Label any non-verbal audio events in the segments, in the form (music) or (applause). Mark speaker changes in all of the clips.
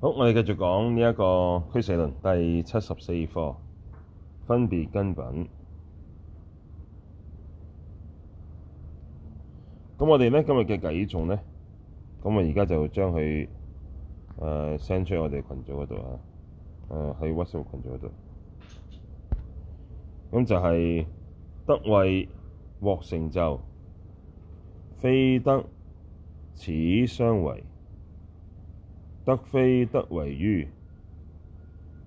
Speaker 1: 好，我哋繼續講呢一個俱舍論第七十四課，分別根品。咁我哋呢今日嘅偈頌呢，咁我而家就將佢誒 send 出去我哋群組嗰度啊，誒喺 WhatsApp 群組嗰度。咁就係得謂獲成就，非得此相違。得非得唯於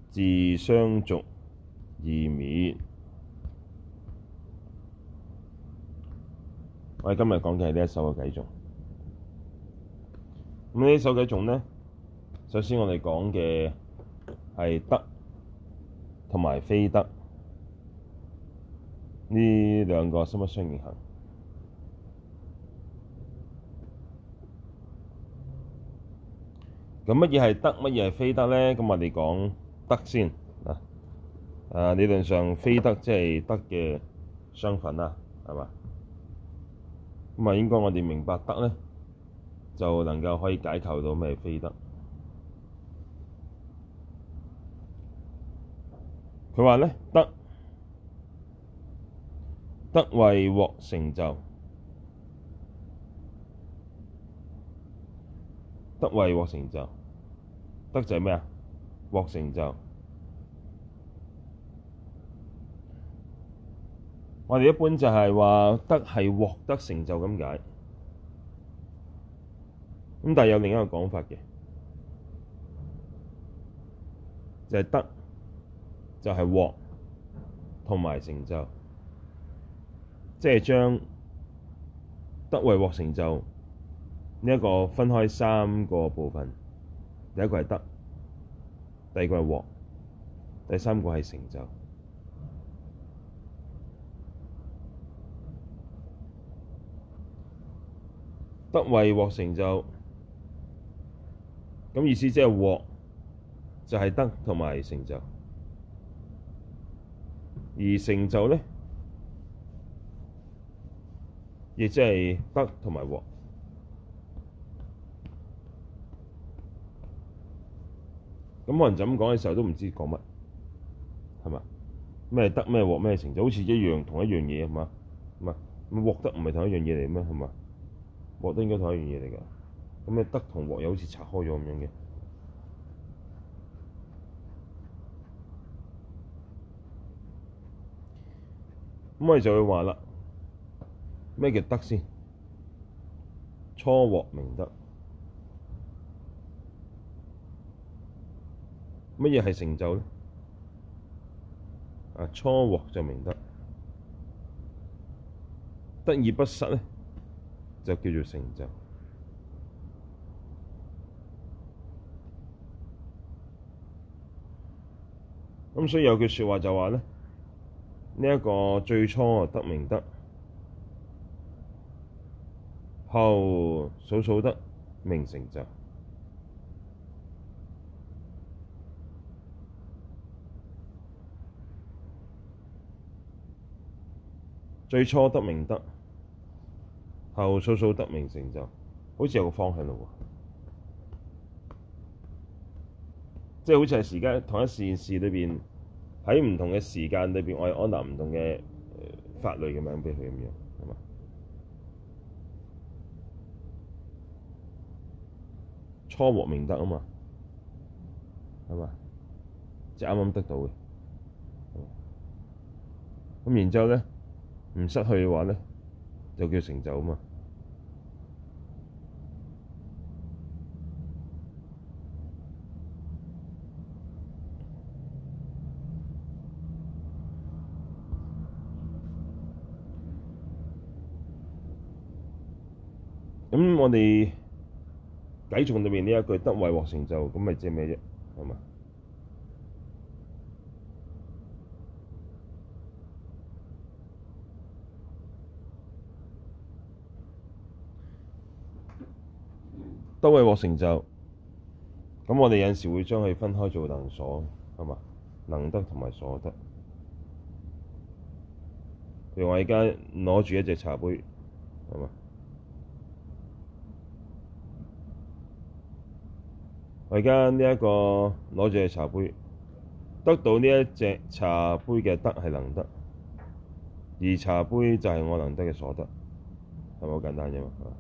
Speaker 1: 自相續二滅。我哋今日講嘅係呢一首偈頌。咁呢首偈頌呢，首先我哋講嘅係得同埋非得呢兩個心不相應行。咁乜嘢係得，乜嘢係非得咧？咁我哋講得先嗱，誒，理論上非得即係得嘅相反啦，係嘛？咁啊，應該我哋明白得咧，就能夠可以解構到咩係非得。佢話咧，得得謂獲成就。得謂獲成就，得就係咩啊？獲成就，我哋一般就係話得係獲得成就咁解。咁但係有另一個講法嘅，就係得，就係獲同埋成就，即係將得謂獲成就。呢、這、一個分開三個部分，第一個係得，第二個係獲，第三個係成就。得謂獲成就，咁意思即係獲就係得同埋成就，而成就咧亦即係得同埋獲。咁有人就咁講嘅時候都唔知講乜，係嘛？咩得咩獲咩成就，好似一樣同一樣嘢係嘛？唔係獲得唔係同一樣嘢嚟咩？係嘛？獲得應該同一樣嘢嚟㗎。咁咩得同獲又好似拆開咗咁樣嘅。咁我哋就會話啦，咩叫得先？初獲名得。乜嘢係成就咧？啊，初獲就名得，得已不失呢，就叫做成就。咁所以有句說話就話咧，呢、這、一個最初得名得，後數數得名成就。最初得名得，後數數得名成就，好似有個方向嘞喎。即係好似係時間同一件事裏邊，喺唔同嘅時間裏邊，我係安立唔同嘅法律嘅名畀佢咁樣，係嘛？初獲名得啊嘛，係嘛？即係啱啱得到嘅，咁然之後咧。唔失去嘅話呢，就叫成就啊嘛那們。咁我哋偈頌裏面呢一句，得謂獲成就，咁咪即係咩啫？係嘛？都謂獲成就，咁我哋有時會將佢分開做能所，係嘛？能得同埋所得。譬如我而家攞住一隻茶杯，係嘛？我而家呢一個攞住嘅茶杯，得到呢一隻茶杯嘅得係能得，而茶杯就係我能得嘅所得，係咪好簡單啫嘛？係嘛？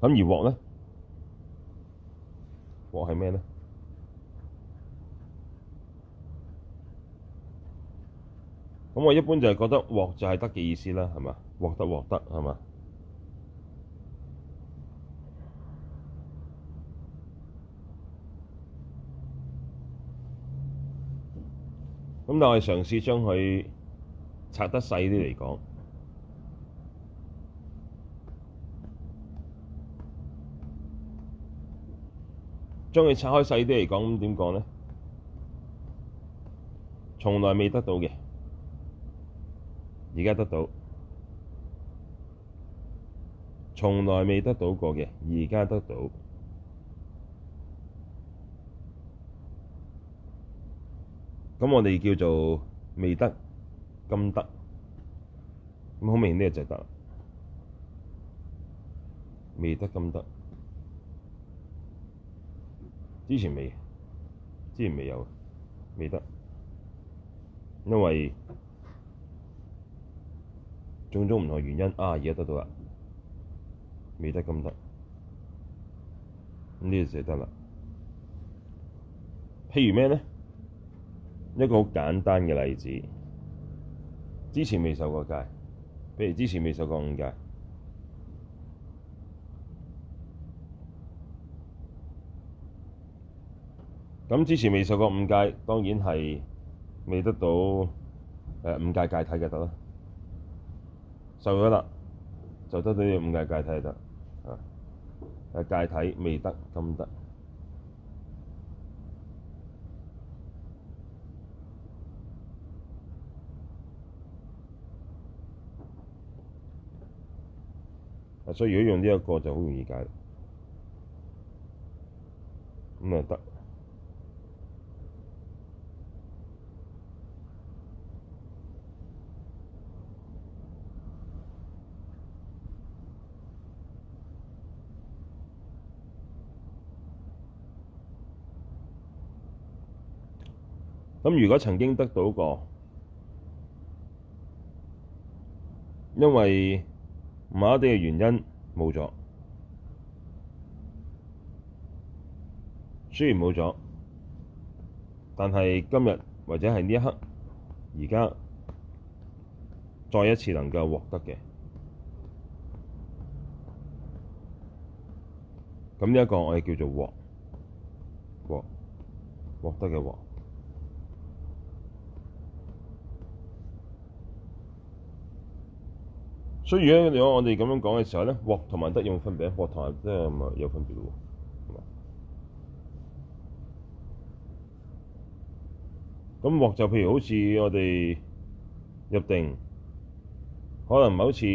Speaker 1: 咁而獲呢？獲係咩呢？咁我一般就係覺得獲就係得嘅意思啦，係咪？獲得獲得係嘛？咁我係嘗試將佢拆得細啲嚟講。將佢拆開細啲嚟講，咁點講呢？從來未得到嘅，而家得到；從來未得到過嘅，而家得到。咁我哋叫做未得今得，咁好明顯呢個就係得啦。未得今得。之前未，之前未有，未得，因為種種唔同嘅原因啊，而家得到啦，未得今得，咁呢件事得啦。譬如咩咧？一個好簡單嘅例子，之前未受過戒，譬如之前未受過五戒。咁之前未受過五戒，當然係未得到誒五戒戒體嘅得啦。受咗啦，就得咗呢五戒戒體嘅得啊。戒體未得，今得啊。所以如果用呢一個就好容易解，咁啊得。咁如果曾經得到過，因為某啲嘅原因冇咗，雖然冇咗，但係今日或者係呢一刻，而家再一次能夠獲得嘅，咁呢一個我哋叫做獲獲獲得嘅獲。所以如果我哋咁樣講嘅時候呢，獲同埋得有分別獲，即係咪有分別喎？咁獲就譬如好似我哋入定，可能某次，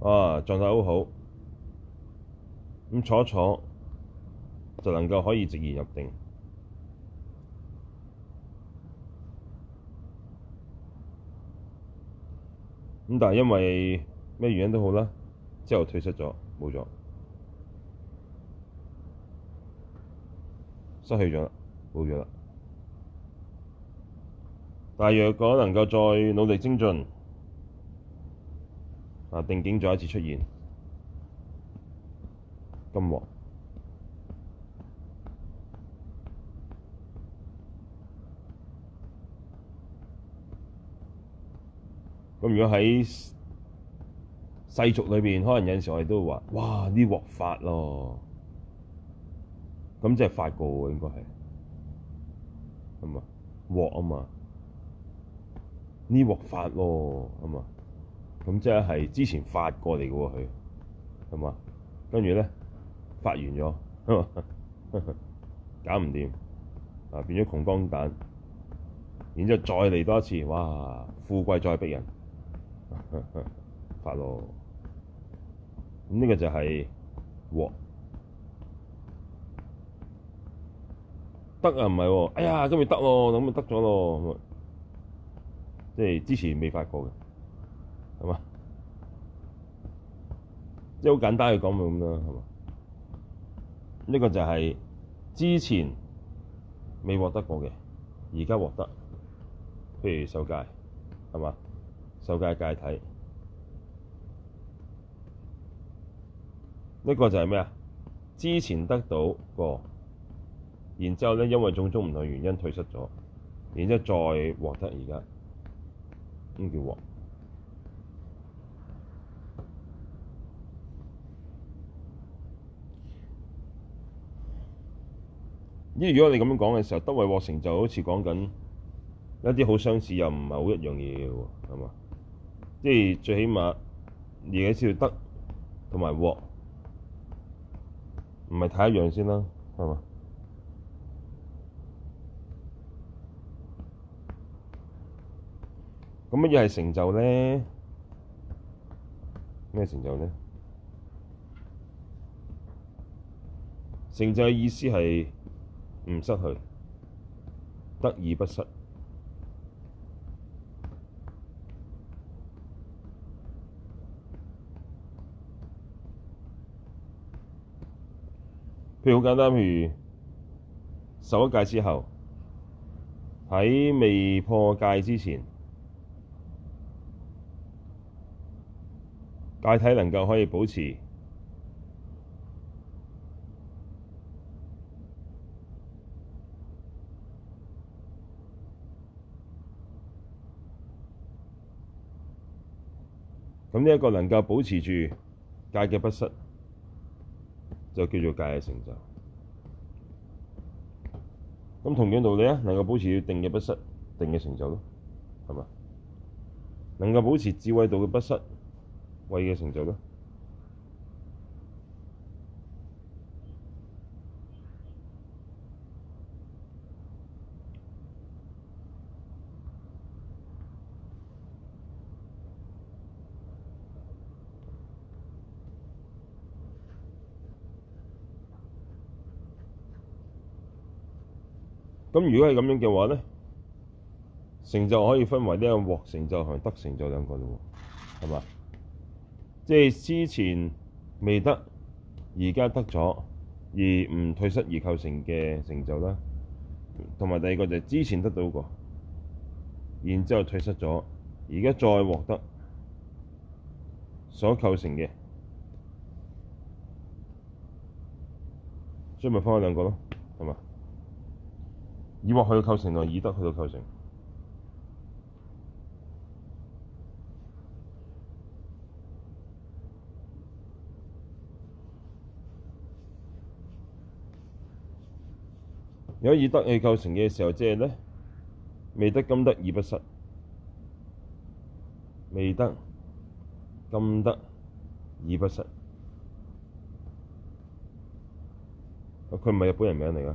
Speaker 1: 啊狀態好好，咁坐一坐，就能夠可以寂然入定。咁但因為咩原因都好啦，之後退失咗，冇咗，失去咗，冇咗啦。但若果能夠再努力精進，啊定境再一次出現，今咁如果喺世俗裏邊，可能有陣時我哋都會話：哇，呢鑊發咯，咁即係發過應該係，咁啊，鑊啊嘛，呢鑊發咯，咁啊，咁即係之前發過嚟嘅喎佢，係嘛？跟住咧，發完咗，搞唔掂，啊變咗窮光蛋，然之後再嚟多一次，哇，富貴再逼人。 (laughs) 發咯，呢個就係獲得啊？唔係喎，哎呀，今日得咯，咁咪得咗咯，即係之前未發過嘅，係嘛？即係好簡單去講咁啦，係嘛？呢個就係之前未獲得過嘅，而家獲得，譬如受戒，係嘛？受戒戒體呢個就係咩啊？之前得到過，然之後咧，因為種種唔同原因退失咗，然之後再獲得，而家呢叫獲。咦？如果你咁樣講嘅時候，得謂獲成就，好似講緊一啲好相似又唔係好一樣嘢嘅喎，係嘛？即係最起碼，而家先得同埋獲，唔係睇一樣先啦，係嘛？咁乜嘢係成就咧？咩成就咧？成就嘅意思係唔失去，得而不失。譬如好簡單，譬如受一戒之後，喺未破戒之前，戒體能夠可以保持，咁呢一個能夠保持住戒嘅不失。就叫做戒嘅成就。咁同樣道理啊，能夠保持定嘅不失，定嘅成就咯，係咪？能夠保持智慧度嘅不失，慧嘅成就咯。咁如果係咁樣嘅話咧，成就可以分為呢個獲成就同得成就兩個啫喎，係嘛？即係之前未得，而家得咗，而唔退失而構成嘅成就啦。同埋第二個就係之前得到過，然之後退失咗，而家再獲得所構成嘅，所以咪分開兩個咯，係嘛？以獲去到構成同以得去到構成。如果以得去構成嘅時候，即係呢，未得今得而不失，未得今得而不失。啊！佢唔係日本人名嚟㗎。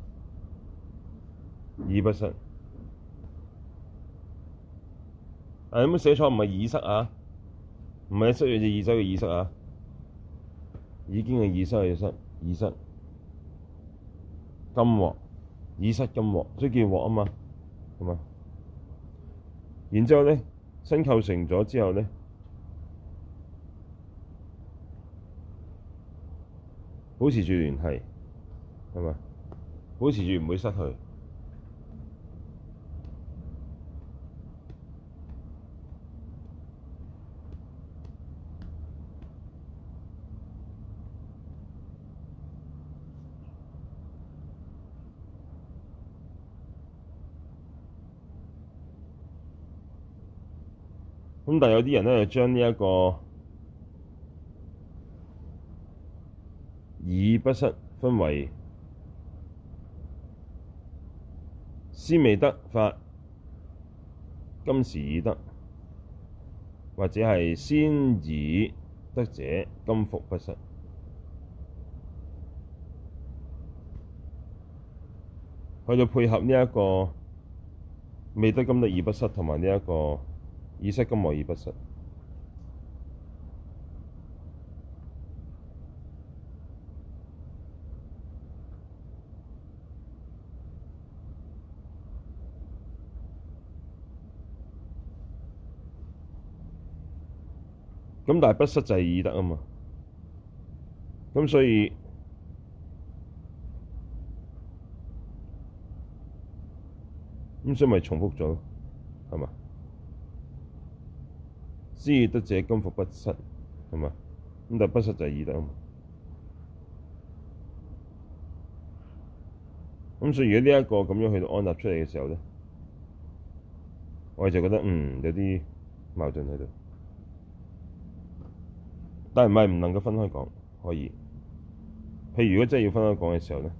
Speaker 1: 耳不塞，哎，咁樣寫錯唔係耳塞啊？唔係一塞，有隻耳仔嘅耳塞啊！耳經嘅耳塞嘅耳塞，耳塞金鑊，耳塞金鑊，所以叫鑊啊嘛，係嘛？然後呢之後咧，新構成咗之後咧，保持住聯繫，係嘛？保持住唔會失去。咁但係有啲人呢，就將呢一個已不失分為先未得法，今時已得，或者係先已得者今復不失，去到配合呢一個未得今得已不失，同埋呢一個。已失，故無已不失。咁但係不失就係已得啊嘛。咁所以，咁所以咪重複咗，係嘛？知已得者，今復不失，係嘛？咁但係不失就係已得嘛。咁所以如果呢一個咁樣去到安立出嚟嘅時候咧，我哋就覺得嗯，有啲矛盾喺度。但係唔係唔能夠分開講，可以。譬如如果真係要分開講嘅時候咧，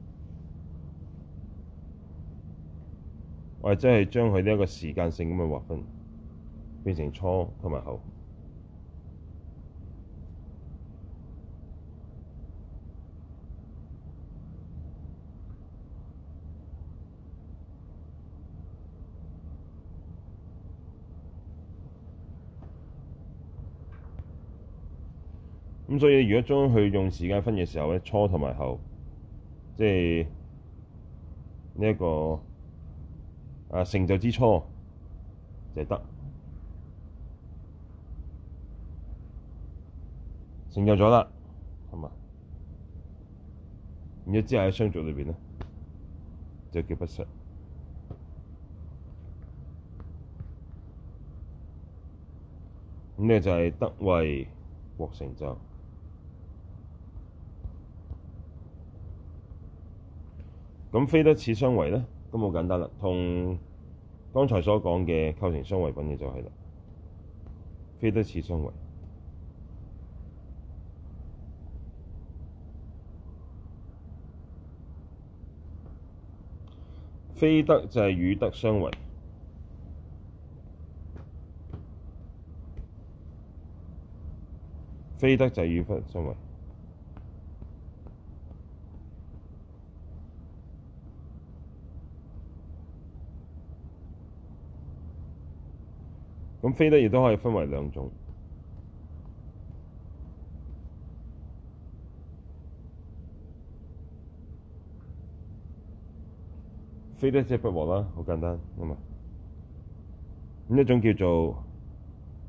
Speaker 1: 我哋真係將佢呢一個時間性咁嘅劃分，變成初同埋後。咁所以如果將佢用時間分嘅時候咧，初同埋後，即係呢一個啊成就之初就係得，成就咗啦，係嘛？然之後喺商族裏邊咧，就叫不失。咁呢就係得謂獲成就。咁非得此相違呢，咁好簡單啦。同剛才所講嘅構成相違品嘅就係啦，非得此相違，非得就係與得相違，非得就係與得相違。非得亦都可以分為兩種，非得即不獲啦，好簡單，咁啊，咁一種叫做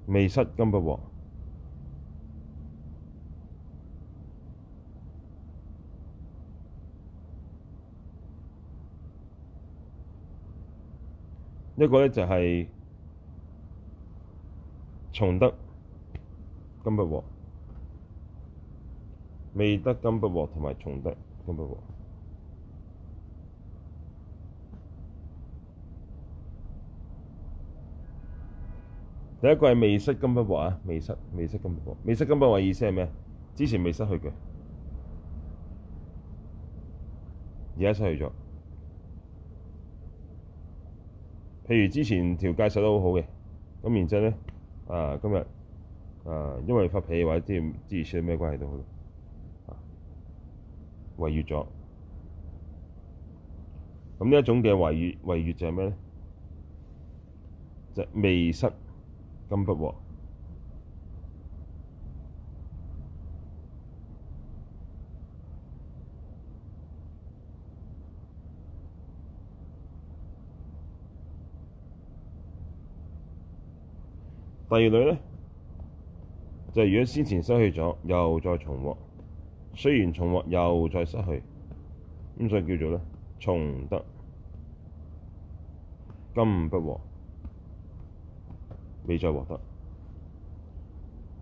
Speaker 1: 未失今不獲，一個咧就係、是。重得今不獲，未得今不獲，同埋重得今不獲。第一個係未失今不獲，未失，未失今不獲。未失今不獲意思係咩？之前未失去嘅，而家失去咗。譬如之前條戒守得好好嘅，咁然之後呢？啊，今日啊，因為發脾氣或者之之前咩關係都好違約咗。咁、啊、呢一種嘅違約違約就係咩咧？就未、是、失今不獲。第二類呢，就係、是，如果先前失去咗，又再重獲，雖然重獲又再失去，咁所以叫做咧重得今不獲，未再獲得。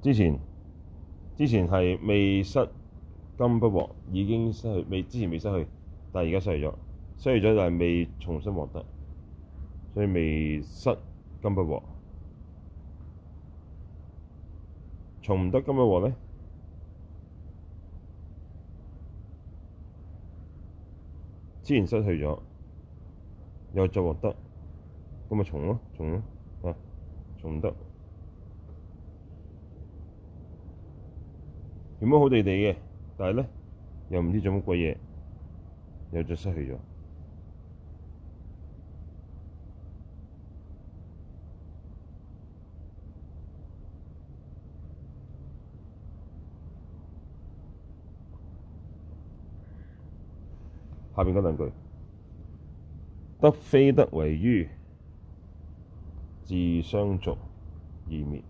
Speaker 1: 之前之前係未失今不獲，已經失去未之前未失去，但而家失去咗，失去咗就係未重新獲得，所以未失今不獲。重唔得，咁咪話咧？之前失去咗，又再獲得，咁咪重咯，重咯，啊，重唔得，有乜好地地嘅？但係咧，又唔知做乜鬼嘢，又再失去咗。下面嗰兩句，得非得唯於自相續二滅。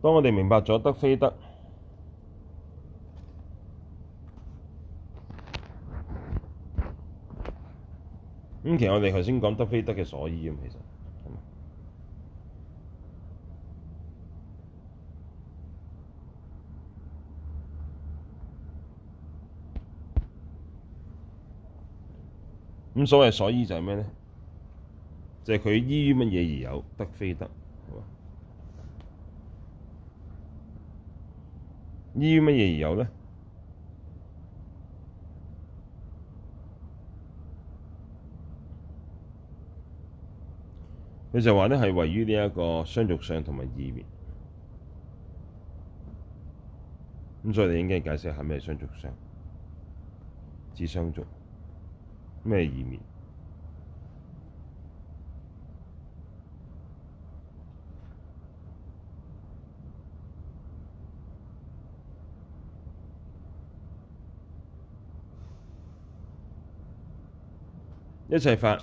Speaker 1: 當我哋明白咗得非得。咁其實我哋頭先講得非得嘅所依，其實咁所謂所謂所依就係咩呢？就係、是、佢依於乜嘢而有得非得？依於乜嘢而有呢？你就話呢係位於呢一個相續上同埋二滅，咁所以你應該解釋下咩係相續上、自相續，咩二滅，一切法？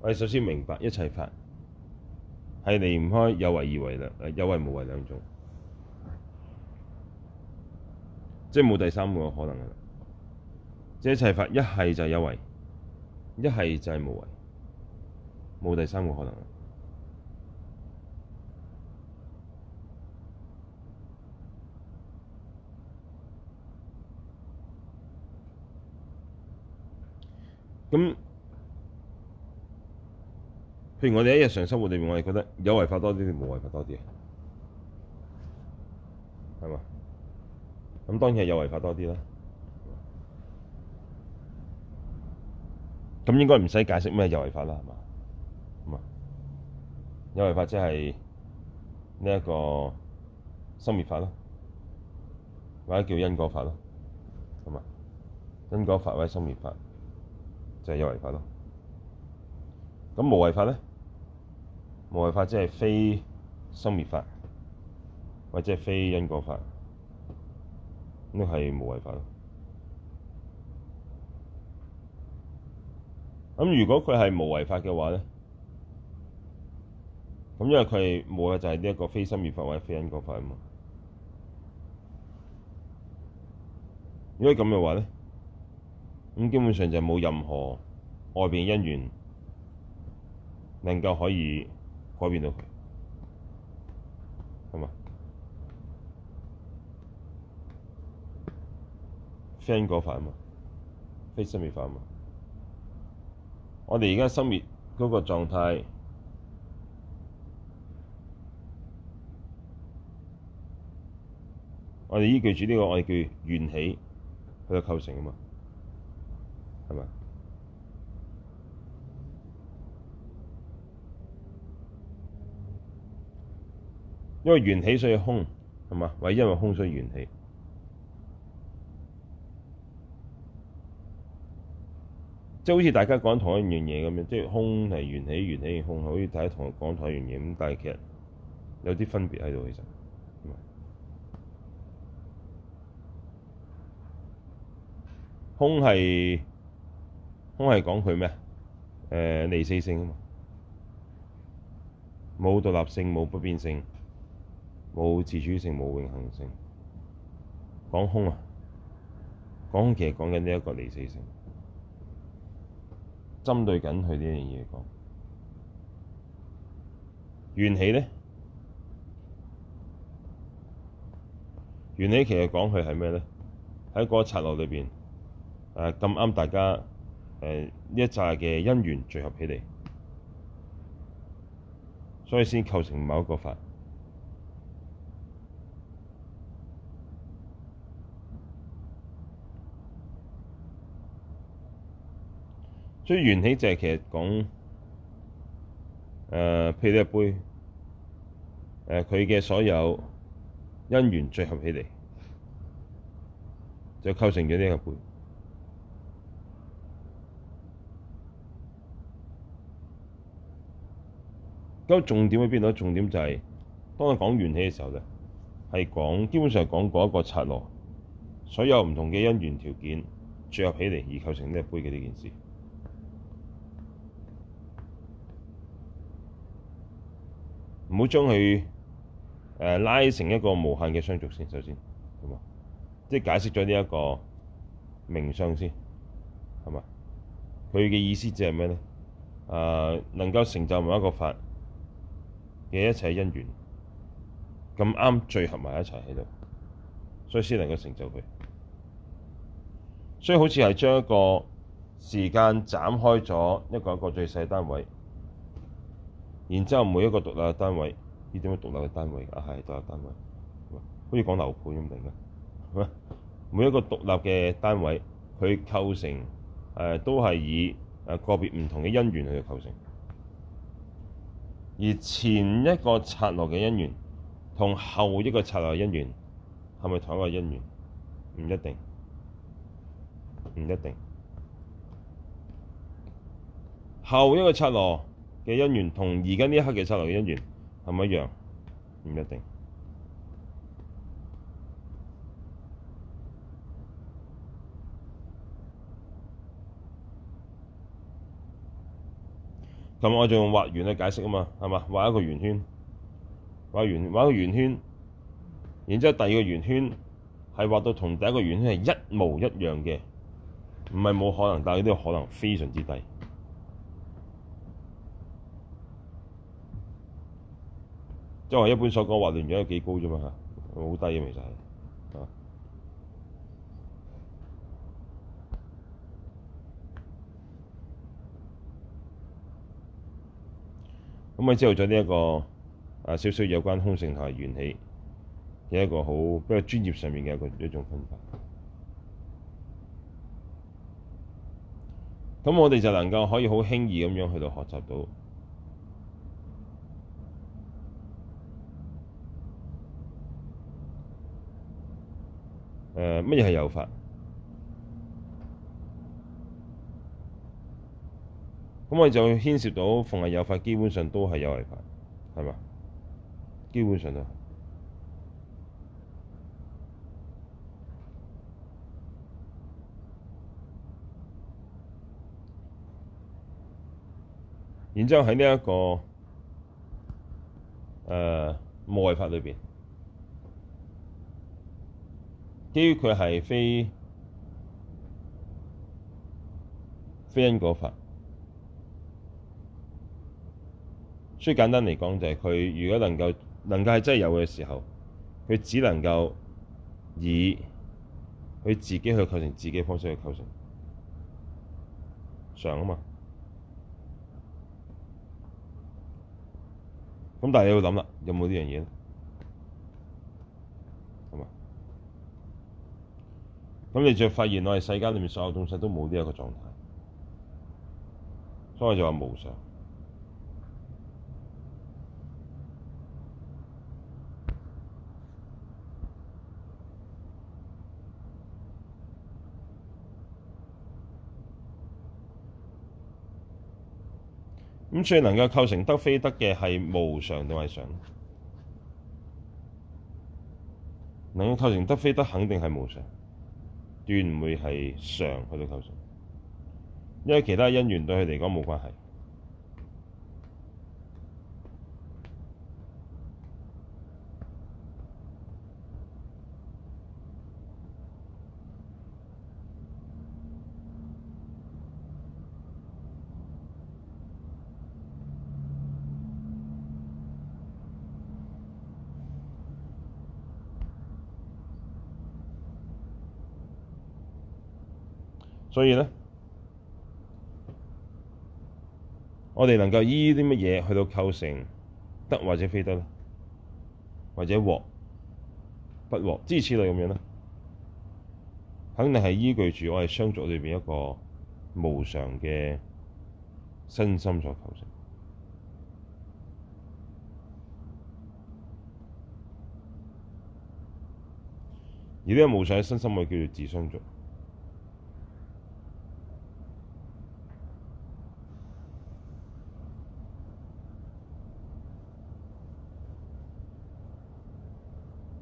Speaker 1: 我哋首先明白一切法，係離唔開有為而無為啦，有為無為兩種，即係冇第三個可能噶啦。即係一切法，一係就係有為，一係就係無為，冇第三個可能。咁。譬如我哋喺日常生活裏面，我哋覺得有為法多啲定無為法多啲係嘛？咁當然係有為法多啲啦。咁應該唔使解釋咩有為法啦，係嘛？有為法即係呢一個生滅法囉，或者叫因果法囉。咁因果法或者生滅法就係有為法囉。咁無為法呢？無為法即係非生滅法，或者非因果法，咁你係無為法咯。咁如果佢係無為法嘅話咧，咁因為佢係冇嘅就係呢一個非生滅法或者非因果法啊嘛。如果咁嘅話咧，咁基本上就冇任何外邊因緣能夠可以改變到佢，係嘛？先覺法嘛，非常滅法嘛。我哋而家心滅嗰個狀態，我哋依據住呢、這個我哋叫緣起去到構成啊嘛，係嘛？因為緣起所以空，係嘛？或因為空所以緣起。即係好似大家講同一樣嘢咁樣，即係空係緣起，起，緣起係空，好似大家同我講同一樣嘢咁。但係其實有啲分別喺度，其實。空係空係講佢咩？誒、呃，離四性啊，冇獨立性，冇不變性。冇自主性，冇永恒性。講空啊，講空其實講緊呢一個離死性，針對緊佢呢樣嘢講。緣起呢，緣起其實講佢係咩呢？喺嗰個策略裏邊，咁、呃、啱大家，誒、呃、呢一扎嘅因緣聚合起嚟，所以先構成某一個法。所以緣起就係其實講誒，譬、呃、如呢一杯，呃佢嘅所有因緣聚合起嚟，就構成咗呢一杯。咁重點喺邊度？重點就係、是、當我講緣起嘅時候呢係講基本上講講嗰一個策略，所有唔同嘅因緣條件聚合起嚟而構成呢一杯嘅呢件事。唔好將佢誒拉成一個無限嘅相續先。首先，咁啊，即係解釋咗呢一個名相先，係嘛？佢嘅意思即係咩咧？誒，能夠成就某一個法嘅一切因緣，咁啱聚合埋一齊喺度，所以先能夠成就佢。所以好似係將一個時間斬開咗一個一個最細單位。然之後每一個獨立單位，呢啲咩獨立嘅單位啊？係獨立單位，好似講樓盤咁定嘅，每一個獨立嘅單位，佢構成誒、呃、都係以誒個別唔同嘅因緣去構成，而前一個拆落嘅因緣，同後一個拆落嘅因緣，係咪同一個因緣？唔一定，唔一定，後一個拆落。嘅因緣同而家呢一刻嘅策略嘅因緣係咪一樣？唔一定。咁我仲用畫圓去解釋啊嘛，係嘛？畫一個圓圈，畫圓畫個圓圈，然之後第二個圓圈係畫到同第一個圓圈係一模一樣嘅，唔係冇可能，但係呢個可能非常之低。即係我一般所講滑聯獎係幾高啫，嘛，好低嘅其實係。咁啊，之後再呢一個啊，少少有關空性同埋緣起，嘅一個好比較專業上面嘅一個一種分法。咁我哋就能夠可以好輕易咁樣去到學習到。誒乜嘢係有法？咁我哋就牽涉到，逢係有法，基本上都係有為法，係咪？基本上就、這個，然之後喺呢一個無為法裏邊。至於佢係非非因果法，所以簡單嚟講就係佢如果能夠能夠係真係有嘅時候，佢只能夠以佢自己去構成自己嘅方式去構成常啊嘛。咁但係你要諗啦，有冇呢樣嘢咧咁你就發現，我哋世間裏面所有東西都冇呢一個狀態，所以就話無常。咁最能夠構成得非得嘅係無常定係常？能夠構成得非得肯定係無常。絕對唔會係常去到頭上，因為其他因緣對佢嚟講冇關係。所以呢，我哋能夠依啲乜嘢去到構成得或者非得，或者獲不獲，之類咁樣呢？肯定係依據住我哋相續裏邊一個無常嘅身心所構成，而呢個無常嘅身心咪叫做自相續。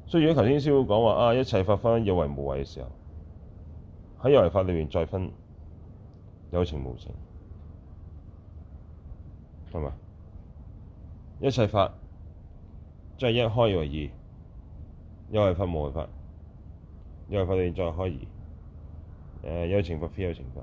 Speaker 1: 所以如果頭先師傅講話啊，一切法分有為無為嘅時候，喺有為法裏面再分有情無情，係咪？一切法即係一開為二，有為法無為法，有為法裏面再開二，有情法非有情法。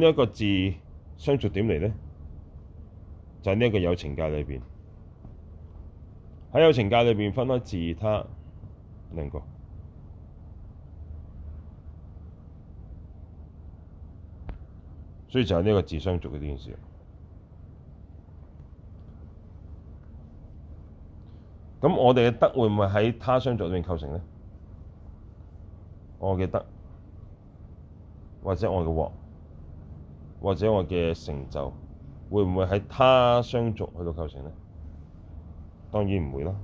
Speaker 1: 呢一個自相續點嚟呢？就喺呢一個有情界裏面。喺有情界裏面，分開自他兩個，所以就係呢個自相續嘅呢件事。咁我哋嘅得會唔會喺他相續裏面構成呢？我嘅得或者我嘅獲？或者我嘅成就，會唔會喺他相續去到構成呢？當然唔會啦，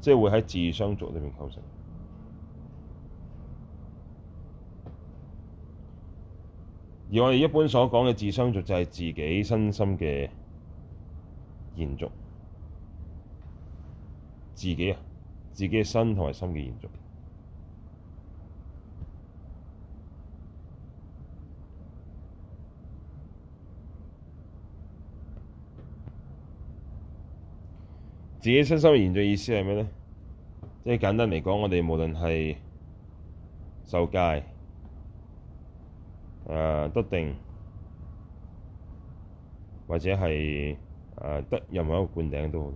Speaker 1: 即係會喺自相續裏面構成。而我哋一般所講嘅自相續，就係自己身心嘅延續，自己啊，自己嘅身同埋心嘅延續。自己身心嘅延續，意思係咩呢？即係簡單嚟講，我哋無論是受戒、特、呃、得定，或者是誒、呃、得任何一個灌頂都好。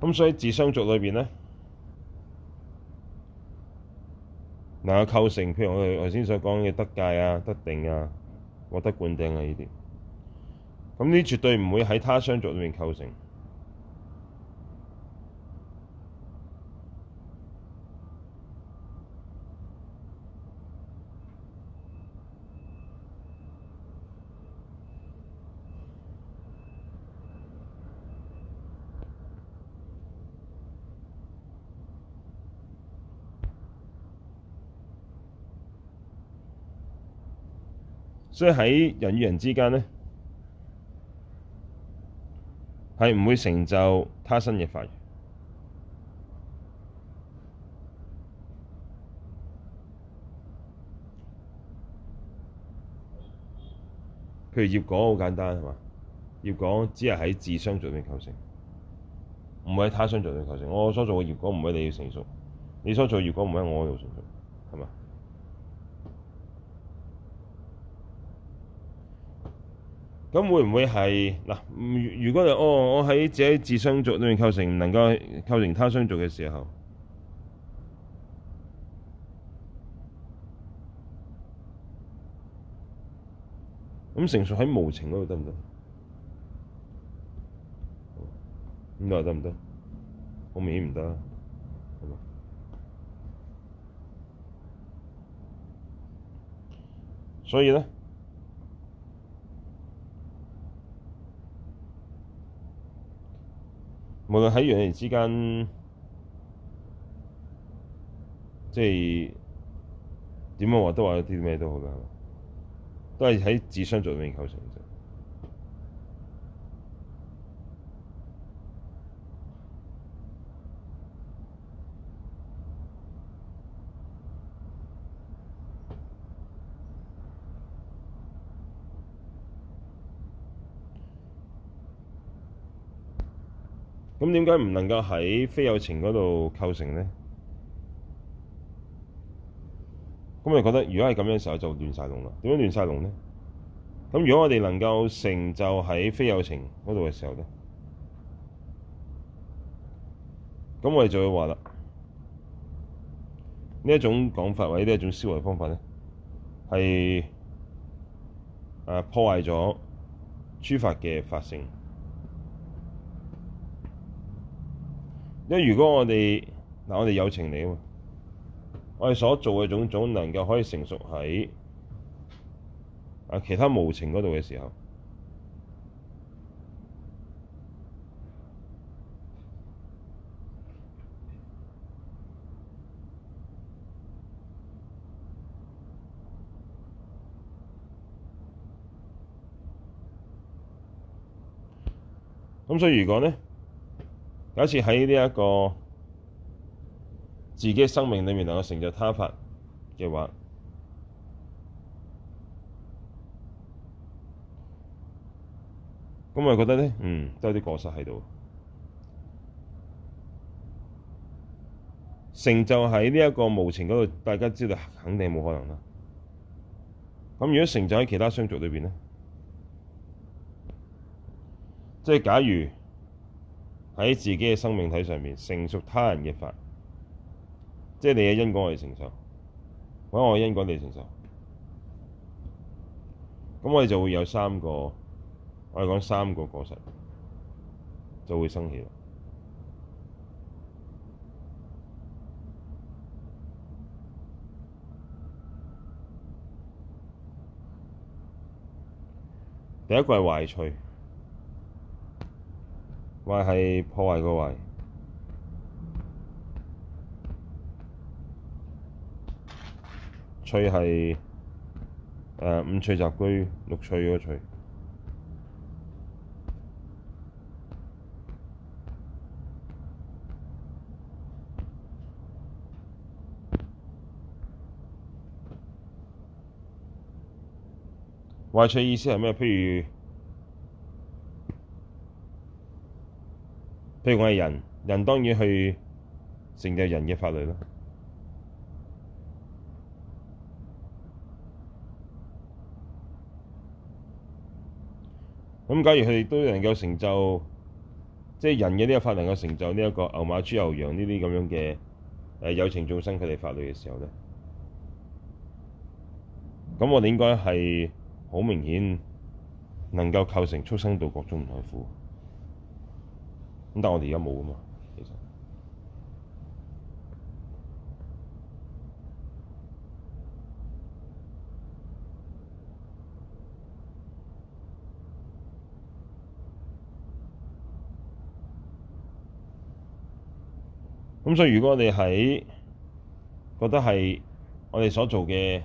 Speaker 1: 咁所以自相續裏面呢，嗱構成譬如我哋頭先所講嘅得戒呀、啊、得定呀、啊、獲得灌頂呀呢啲，咁呢絕對唔會喺他相續裏面構成。所以喺人與人之間呢，係唔會成就他身嘅法。譬如業果好簡單，係嘛？業果只係喺自相上面構成，唔係喺他身上面構成。我所做嘅業果唔係你要成熟，你所做嘅業果唔係我要成熟，係嘛？咁會唔會係嗱？如果係哦，我喺自己自相續裏面構成，能夠構成他相續嘅時候，咁成熟喺無情嗰度得唔得？咁啊得唔得？好明顯唔得，所以呢。無論喺人與人之間，即係點樣話都話啲咩都好啦，都係喺智商上面構成。咁點解唔能夠喺非有情嗰度構成呢？咁你覺得，如果係咁嘅時候，就亂晒龍啦。點樣亂曬龍咧？咁如果我哋能夠成就喺非有情嗰度嘅時候咧，咁我哋就會話啦，呢一種講法或者呢一種思維方法咧，係誒破壞咗諸法嘅法性。因為如果我哋嗱，我哋有情嚟嘛，我哋所做嘅種種能夠可以成熟喺啊其他無情嗰度嘅時候，咁所以如果咧？假設在喺呢一個自己的生命裏面能夠成就他法嘅話，噉我覺得呢，嗯，都有啲過失喺度。成就喺呢一個無情嗰度，大家知道肯定冇可能啦。噉如果成就喺其他相續裏面呢？即係假如。喺自己嘅生命體上面成，成熟他人嘅法，即係你嘅因果我哋承受，或者我嘅因果你承受，咁我哋就會有三個，我哋講三個過失就會生起啦。第一個係壞趣。壞係破壞個壞，趣係誒五趣雜居六趣嗰趣，壞趣意思係咩？譬如，所以我係人，人當然去成就人嘅法律咯。咁假如佢哋都能夠成就，即係人嘅呢個法能夠成就呢一個牛馬豬牛羊呢啲咁樣嘅誒有情眾生佢哋法律嘅時候咧，咁我哋應該係好明顯能夠構成畜生道各種嘅苦。咁但係我哋而家冇嘛，其實咁所以，如果我哋喺覺得係我哋所做嘅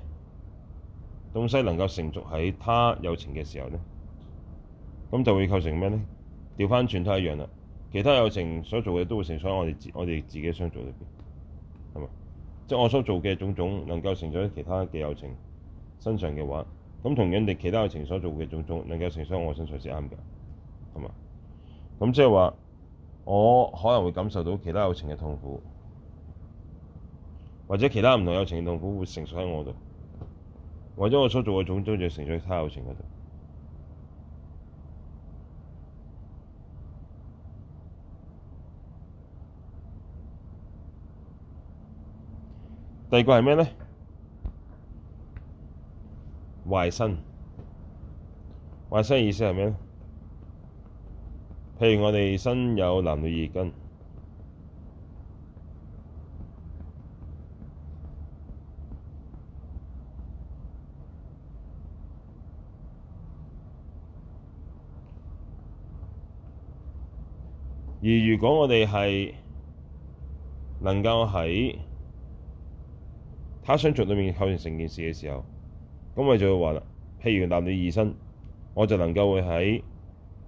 Speaker 1: 東西能夠成就喺他有情嘅時候咧，咁就會構成咩咧？調返轉都一樣啦。其他有情所做嘅嘢都會承載喺我哋自我自己相續呢邊，係嘛？即我所做嘅種種能夠承載喺其他嘅有情身上嘅話，咁同人哋其他有情所做嘅種種能夠承載喺我身上先啱㗎，係嘛？咁即係話，我可能會感受到其他有情嘅痛苦，或者其他唔同的有情嘅痛苦會成熟喺我度，或者我所做嘅種種就成熟喺他有情嗰度。第二個係咩呢？壞身，壞身意思係咩？譬如我哋身有男女二根，而如果我哋係能夠喺他想做裏面構成成件事嘅時候，咁我哋就會話啦，譬如男女異身，我就能夠會喺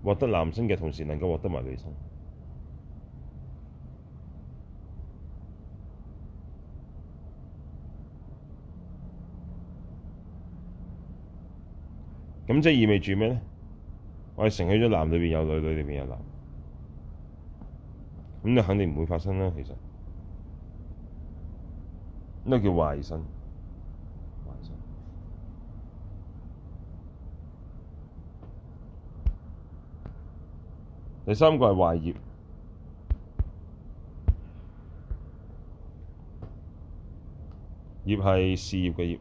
Speaker 1: 獲得男身嘅同時，能夠獲得女身。咁即係意味住咩呢？我係承許咗男裏邊有女，女裏邊有男。咁就肯定唔會發生啦，其實。呢叫壞身。第三個係壞業，業係事業嘅業。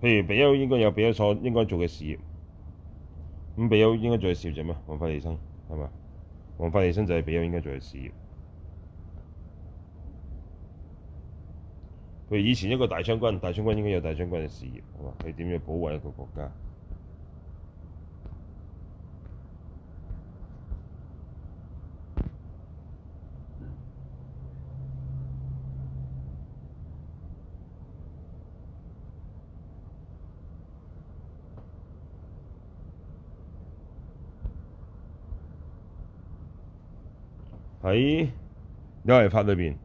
Speaker 1: 譬如比丘應該有比丘所應該做嘅事業，咁比丘應該做嘅事業係就咩？弘法利生係嘛？弘法利生就係比丘應該做嘅事業。佢以前一個大將軍，大將軍應該有大將軍嘅事業，係嘛？佢點樣保護一個國家？喺一係法裏邊。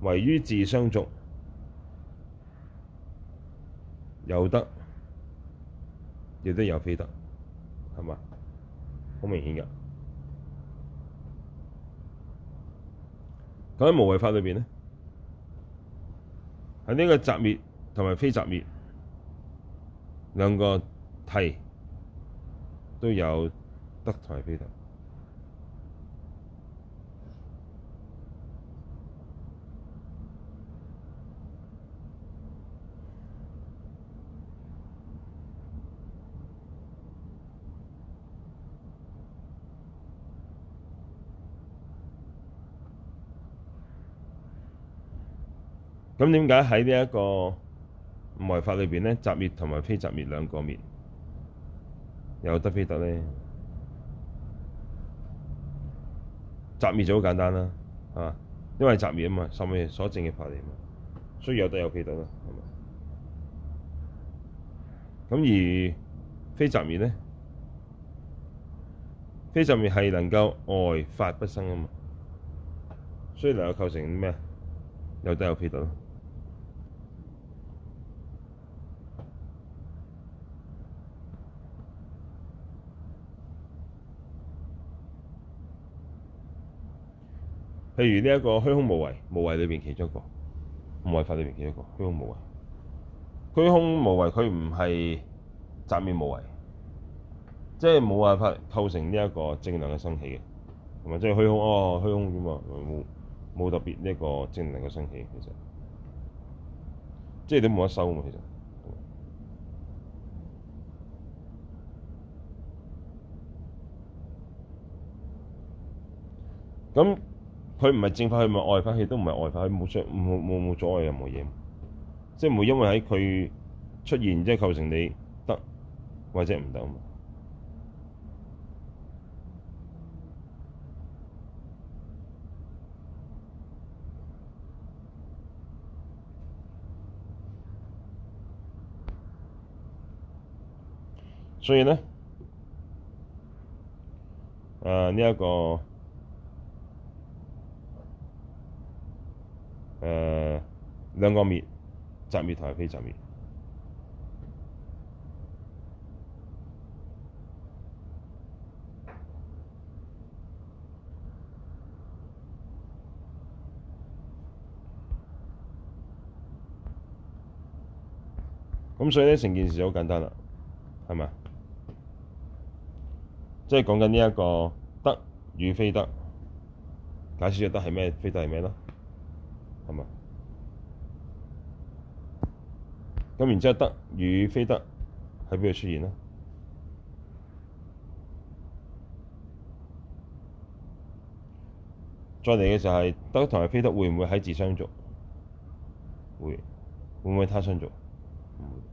Speaker 1: 唯於自相續有得亦都有非得，係嘛？好明顯噶。咁喺無為法裏邊呢，喺呢個擇滅同埋非擇滅兩個提都有得同埋非得。咁點解喺呢一個無為法裏邊呢？擇滅同埋非擇滅兩個滅，有得非得呢，擇滅就好簡單啦，啊，因為擇滅啊嘛，係所證嘅法嚟嘛，所以有得有非得啦，係嘛？咁而非擇滅呢，非擇滅係能夠礙法不生啊嘛，所以能夠構成咩啊？有得有非得咯。譬如呢一個虛空無為，無為裏面其中一個，無為法裏面其中一個，虛空無為。虛空無為，佢唔係擇滅無為，即係冇辦法構成呢一個正能量嘅生起嘅，同埋即係虛空哦，虛空啫嘛，冇冇特別呢一個正能量嘅生起，其實即係都冇得收，其實咁。佢唔係證法，佢唔係礙法，佢都唔係礙法，冇出冇冇冇阻礙任何嘢，即係唔會因為喺佢出現，即係構成你得或者唔得，所以咧，誒呢一個。誒、呃、兩個滅，擇滅同非擇滅。咁所以呢，成件事好簡單啦，係咪？即係講緊呢一個得與非得，解釋咗得係咩，非得係咩咯？係咁，然之後，得與非得喺邊度出現呢？再嚟嘅就係得同埋非得會唔會喺自相續？會，會唔會喺他相續？唔會。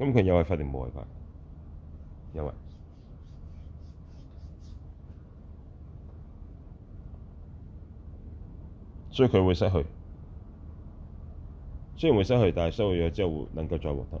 Speaker 1: 咁佢又係快定冇係快？有啊，所以佢會失去，雖然會失去，但係失去咗之後，能夠再獲得。